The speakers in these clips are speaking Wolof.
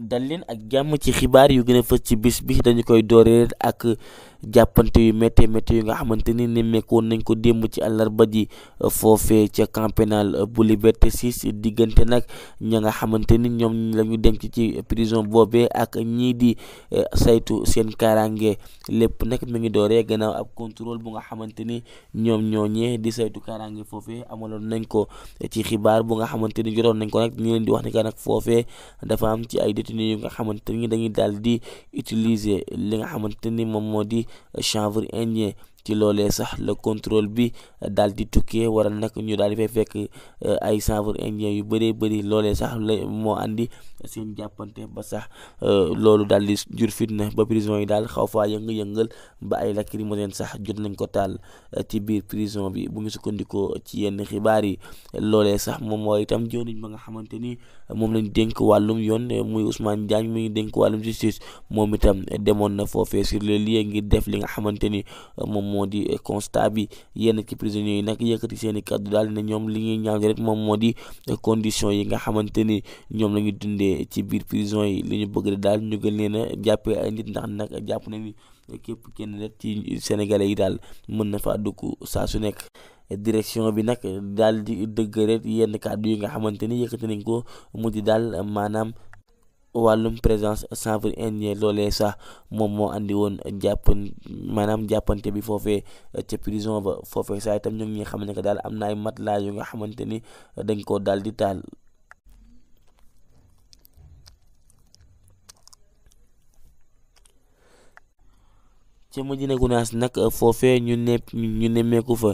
dal leen ak jàmm ci xibaar yu gën a fës ci bis bi dañu koy dooree ak jàppante yu méttee méttee yu nga xamante ni mekoon nañ ko démb ci àllarba ji euh, foofee ca camp pénal euh, bu Liberté 6 diggante nag ña nga xamante ni ñoom la ñu ci prison boobee ak ñii di euh, saytu seen kaaraange lépp nag mi ngi dooree gannaaw ab contrôle bu nga xamante ni ñoom ñooñee di saytu kaaraange foofee amaloon nañ ko ci xibaar bu nga xamante ni jotoon nañ ko nag ñu leen di wax ni ka nag foofee dafa am ci ay détenus yu nga xamante ni dañuy daal di utiliser li nga xamante ni moom moo di chanvre indien ci loolee sax le contrôle bi daal di tukkee waral nag ñu dal di fay fekk eh, ay chanvre indien yu bëree bëri loolee sax la moo andi seen jàppante ba sax eh, loolu daal di jur fitna ba prison yi daal xaw faa yënga-yëngal ba ay lacrymogène sax jot nañ ko taal eh, ci biir prison bi bu ñu sukkandikoo ci yenn xibaar yi loolee sax moom mooy itam jëriñ ba nga xamante ni moom lañ denk wàllum yoon muy Ousmane Diagne mu ngi dénk wàllum justice moom itam demoon na foofe sur le lieu ngir def li nga xamante ni moom moo di eh, constat bi yenn ci prisonniers yi nag yëkkati seen i kàddu daal ne ñoom li ñuy ñaawlu rek moom moo di eh, condition yi nga xamante ni ñoom la ñu dundee ci biir prison yi li ñu bëgg daal ñu gën leen a jàppee ay nit ndax nag jàpp na ni eh, képp kenn rek ci sénégalais yi daal mën na faa dugg saa su nekk direction bi nag daal di dëgg rek yenn kàddu yi nga xamante ni yëkkati nañ ko mu di daal maanaam wàllum présence chanvre indien loolee sax moom moo indi woon jàppan maanaam jàppante bi foofee eh, ca prison ba foofee sax itam ñu ngi xam ne que daal am na ay matelas yu nga xamante ni dañ koo daal di taal. ca Madina Gunaas nag eh, foofee ñu ne ñu nemmeeku fa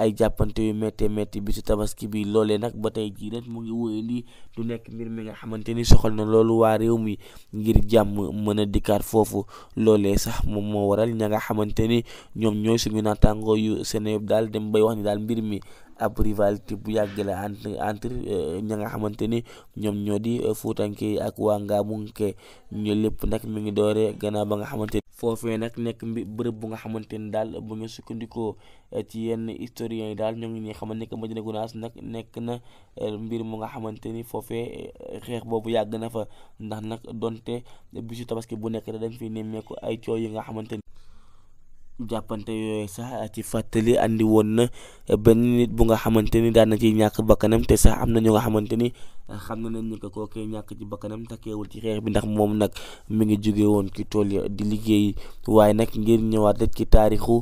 ay jàppante yu méttee métti bisu tabaski bi loolee nag ba tey jii ren mu ngi wóyandi du nekk mbir mi nga xamante ni soxal na loolu waa réew mi ngir jàmm mën a dikkaat foofu loolee sax moom moo waral ña nga xamante ni ñoom ñooy suñu naataangoo yu Sénégal daal dem bay wax ni daal mbir mi ab rivalité bu yàgg la entre entre euh, ña nga xamante ni ñoom ñoo di euh, Fuutanke ak waa Ngaamunke ñu lépp nag mu ngi doore gannaaw ba nga xamante foofee nag nekk mbi bërëb bu nga xamante ni daal bu ñu sukkandikoo eh, ci yenn historiens yi daal ñoo ngi nii xaman ni que Madina Gunaas nag nekk na eh, mbir mu nga xamante ni foofee eh, xeex boobu yàgg na fa ndax nag donte bisu tabaski bu nekk dañ fi nemmeeku ay coow yi nga xamante ni jàppante yooyu sax ci fàttali andi woon na benn nit bu nga xamante ni daan na ciy ñàkk bakkanam te sax am na ñu nga xamante ni eh, xam nañ ni ko kookee ñàkk ci bakkanam takkeewul ci xeex bi ndax moom nag mi ngi jóge woon ci tool ya di liggéey waaye nag ngir ñëwaat rek ci taarixu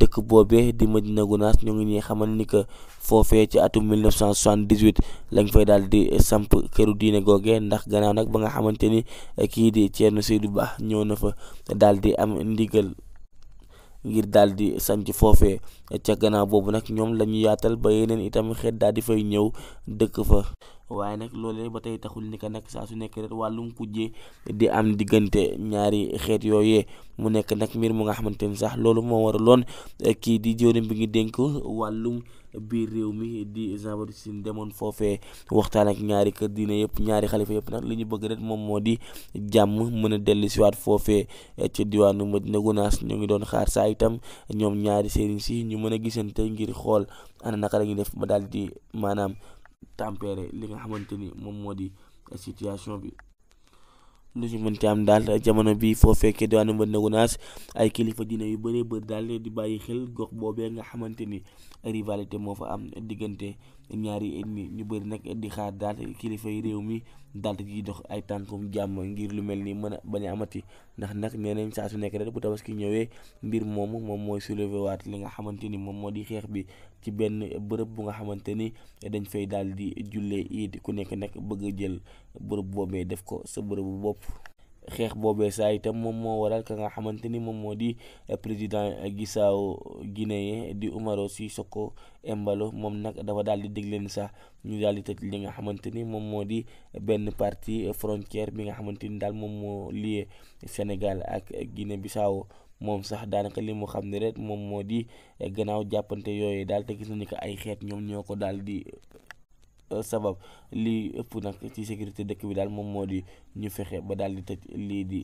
dëkk boobee di ma Medina Gounass ñu ngi ñuy xamal ni que foofee ci atum 1978 lañ fay dal di samp këru diine googee ndax gannaaw nag ba nga xamante ni eh, kii di Thierno du baax ñëw na fa daal di am ndigal. ngir daal di sanc foofee ca gannaaw boobu nag ñoom la ñu yaatal ba yeneen itam xeet daal di fay ñëw dëkk fa waaye nag loolee ba tey taxul ni ko nag saa su nekk rek wàllum kujje di am diggante ñaari xeet yooyee mu nekk nag mbir mu nga xamante sax loolu moo waraloon kii di jëwriñ bi ngi dénk wàllum biir réew mi di Jean Baptiste Tine demoon foofee waxtaan ak ñaari kër diine yëpp ñaari xalifa yëpp nag li ñu bëgg rek moom moo di jàmm mën a dellu siwaat foofee ci diwaanu Madina Gunaas ñu ngi doon xaar saa itam ñoom ñaari sëriñ si ñu mën a gisante ngir xool ana naka la ñuy def ba daal di maanaam tempérer li nga xamante ni moom moo di situation bi lu ci mënti am daal jamono bi foo fekkee diwaanu Médina Gounass ay kilifa dina yu bëree bëri daal di bàyyi xel gox boobee nga xamante ni rivalité moo fa am diggante ñaari ñu bëri nag di xaar daal kilifa réew mi daal di dox ay tànkum jàmm ngir lu mel ni mën a bañ a amati ndax nag nee nañ saa su nekk rek bu tabaski ñëwee mbir moomu moom mooy soulever waat li nga xamante ni moom moo di xeex bi ci benn bërëb bu nga xamante ni dañ fay daal di jullee iid ku nekk nag bëgg a jël bërëb boobee def ko sa bërëbu bopp. xeex boobe saa itam moom moo waral ka nga xamante ni moom moo di eh, président eh, Gisaaw Guinée di Umaro Sissoco Embalo moom nag dafa daal di déglu sax ñu daal di tëj li nga xamante ni moom moo di benn partie frontière bi nga xamante ni daal moom moo lié Sénégal ak Guinée Bissau moom sax daanaka li mu xam ne rek moom moo di eh, gannaaw jàppante yooyu daal te gis nañu ko ay xeet ñoom ñoo ko daal di. Euh, sabab lii ëpp nag ci sécurité dëkk bi daal moom moo di ñu fexe ba daal di tëj lii di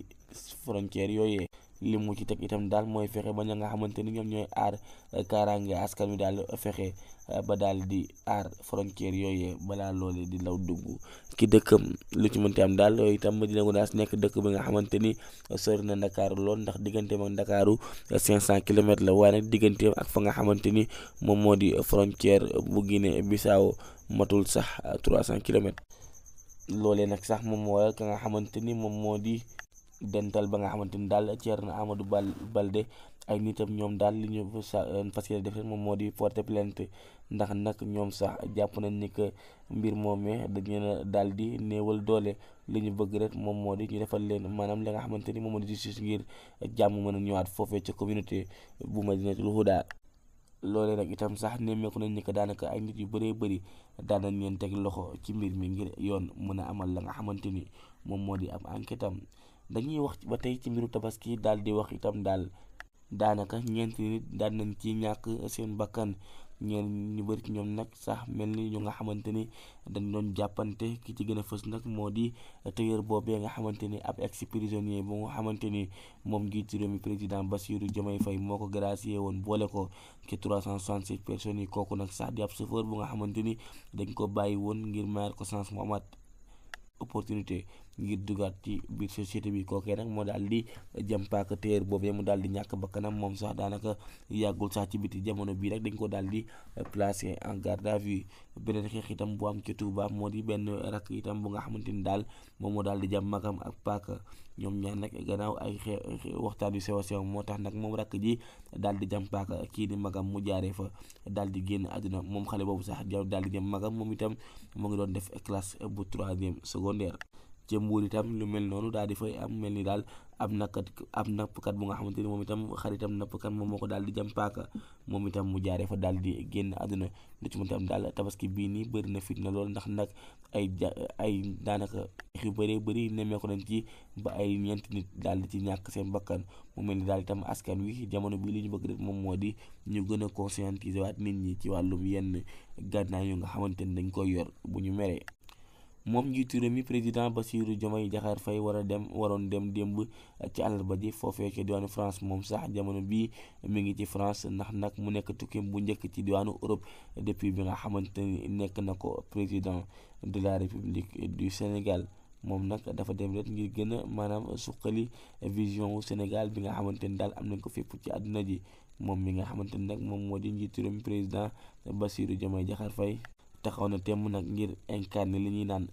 frontière yooyee li mu ci teg itam daal mooy fexe ba ña nga xamante ni ñoom ñooy aar eh, kaaraange askan wi daal fexe eh, ba daal di aar frontière yooyee balaa loolee di law dugg ki dëkkam lu ci mënti am daal itam Médina Gounass nekk dëkk bi nga xamante ni sori na Ndakaaru lool ndax digganteem ak Ndakaaru 500 eh, kilomètres la waaye nag ak fa nga xamante ni moom moo di frontière bu Guinée Bissau matul sax 300 kilomètres loolee nag sax moom nga xamante ni moom moo di. dental ba nga xamante ni daal na Amadou Bal Balde ay nitam ñoom daal li ñu euh, fas yéene def moom moo di porter plainte ndax nag ñoom sax jàpp nañ ni que mbir moomee dañu ne daal di néewal doole li ñu bëgg rek moom moo di ñu defal leen maanaam li nga xamante ni moom moo di justice ngir jàmm mën a ñëwaat foofee ca communauté bu Madinatul Huda loolee nag itam sax nemmeeku nañ ni que daanaka ay nit yu bëree bëri daan nañ leen loxo ci mbir mi ngir yoon mën a amal la nga xamante ni moom moo di am enquête am dañuy wax ba tey ci mbiru tabaski daal di wax itam daal daanaka ñeenti nit daal nañ ci ñàkk seen bakkan ñeen ñu bëri ci ñoom nag sax mel ni ñu nga xamante ni dañ doon jàppante ki ci gën a fës nag moo di tëyër boobee nga xamante ni ab ex prisonnier bu nga xamante ni moom njiitu réew mi président Bassirou Diomaye fay moo ko gracié woon boole ko ci 367 personnes yi kooku nag sax di ab chauffeur bu nga xamante ni dañ ko bàyyi woon ngir mayar ko chance mu amaat opportunité ngir dugaat ci biir société bi kookee nag moo daal di jëm paaka téer boobee mu daal di ñàkk kanam moom sax daanaka yàggul sax ci biti jamono bii rek dañ ko daal di placé en garde à beneen xeex itam bu am ci Tuuba moo di benn rakk itam bu nga xamante ni daal moom moo daal di jam magam ak paaka ñoom ñaan nag gannaaw ay xe waxtaan yu sew sew moo tax nag moom rakk ji daal di jam paaka kii di magam mu jaaree fa daal di génn àdduna moom xale boobu sax daal di jam magam moom itam mu ngi doon def classe bu troisième ca mbuur itam lu mel noonu daal di fay am mel ni daal ab nappkat ab nappkat bu nga xamante ni moom itam xaritam nappkat moom moo ko daal di jam paaka moom itam mu jaaree fa daal di génn àdduna lu ci mën tam daal tabaski bii nii bëri na fitna lool ndax nag ay ja ay daanaka yu bëree bëri nemmeeku nañ ci ba ay ñeenti nit daal di ci ñàkk seen bakkan mu mel ni daal itam askan wi jamono bii li ñu bëgg rek moom moo di ñu gën a conscientiser waat nit ñi ci wàllum yenn gànnaay yu nga xamante ni dañ koy yor bu ñu meree. moom njiitu réew mi président Bassirou Diomaye Diakhar Faye war a dem waroon dem démb ci àllarba ji foofee ci diwaanu France moom sax jamono bii mi ngi ci France ndax nag mu nekk tukki bu njëkk ci diwaanu Europe depuis bi nga xamante ni nekk na ko président de la République du Sénégal moom nag dafa dem rek ngir gën a maanaam suqali vision Sénégal bi nga xamante ni daal am nañ ko fépp ci àdduna ji moom mi nga xamante ni nag moom moo di njiitu réew mi président Bassirou Diomaye Diakhar Faye taxaw na temm nag ngir incarner li ñuy naan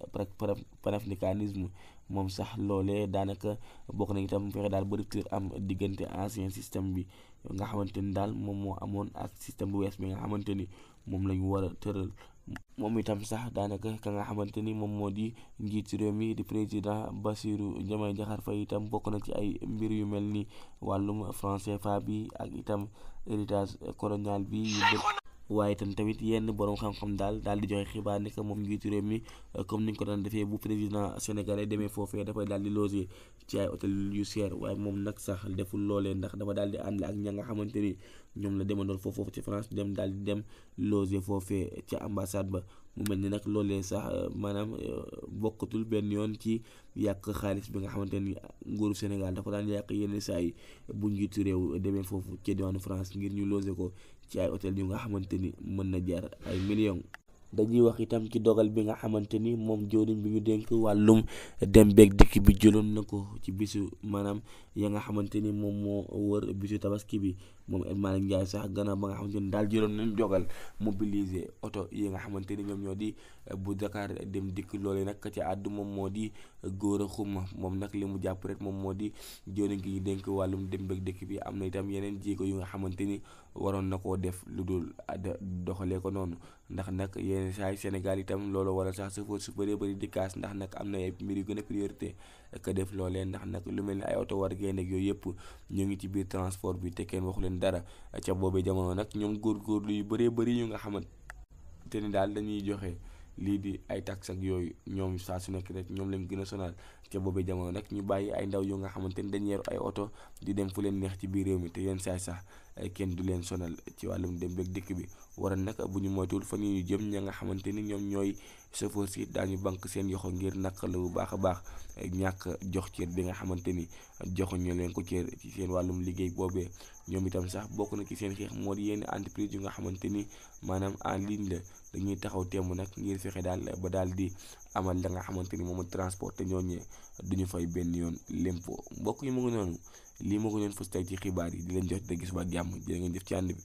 panafricanisme moom sax loolee daanaka bokk nañ itam fexe daal ba rupture am diggante ancien système bi nga xamante ni daal moom moo amoon ak système bu wees bi nga xamante ni moom la ñu war a tëral moom itam sax daanaka ka nga xamante ni moom moo di njiit réew mi di président Bassirou Diomaye Diakhar Faye itam bokk na ci ay mbir yu mel ni wàllum franc CFA bi ak itam héritage colonial bi waaye itam tamit yenn borom xam-xam daal daal di joxe xibaar ni que moom njiitu réew mi comme ni ñu ko daan defee bu président sénégalais demee foofee dafay daal di loger ci ay hôtel yu seer waaye moom nag sax deful loolee ndax dafa daal di ànd ak ña nga xamante ñoom la demandoon foofu foofu ci France dem daal dem loger foofee ca ambassade ba mu mel ni nag loolee sax euh, maanaam euh, bokkatul benn yoon ci yàq xaalis bi nga xamante ni nguuru Sénégal dafa daan yàq yenn saa yi bu njiitu réew demee foofu ca diwaanu France ngir ñu loger ko ci ay hôtel yu nga xamante ni mën na jar ay million dañuy wax itam ci dogal bi nga xamante ni moom jëwriñ bi ñu dénk wàllum dem beeg dikk bi jëloon na ko ci bisu maanaam ya nga xamante ni moom moo wër bisu tabaski bi moom El Malick Ndiaye sax gannaaw ba nga xam ni daal jëloon nañu jogal mobiliser oto yi nga xamante ni ñoom ñoo di eh, bu Dakar dem dikk loole nag ci àddu moom moo di eh, góor a moom nag li mu jàpp rek moom moo di jëriñ gi dénk wàllum dem dëkk bi am na itam yeneen jéego yu nga xamante ni waroon na koo def lu dul ah, doxalee ko noonu ndax nag yenn saay Sénégal itam loolu waral sax chauffeur su bëree bëri di kaas ndax am na ay yu gën a priorité ka def loolee ndax nag lu mel ni ay oto war gaynde ak yooyu yëpp ñu ngi ci biir transport bi te kenn waxu leen leen dara ca boobee jamono nag ñoom góor góorgóorlu yu bëree bëri yu nga xamante ni daal dañuy joxe lii di ay tax ak yooyu ñoom saa su nekk rek ñoom lañ gën a sonal ca boobee jamono nag ñu bàyyi ay ndaw yu nga xamante ni dañuy yor ay di dem fu leen neex ci biir réew mi te yenn saay sax kenn du leen sonal ci wàllum dem beeg dikk bi waral nag bu ñu moytuwul fan ñu jëm ña nga xamante ni ñoom ñooy. chauffeur si daañu banque seen yoxo ngir la bu baax a baax ñàkk jox cër bi nga xamante ni ñu leen ko cër ci seen wàllum liggéey boobee ñoom itam sax bokk na ci seen xeex moo di yenn entreprise yu nga xamante ni maanaam en ligne la dañuy taxaw temm nag ngir fexe daal ba daal di amal la nga xamante ni moom transport te ñooñee duñu fay benn yoon lempoo mbokk yi mu ngi noonu lii ma ko doon fës tey ci xibaar yi di leen jox di gis waa jàmm jërë ngeen jëf ci ànd bi.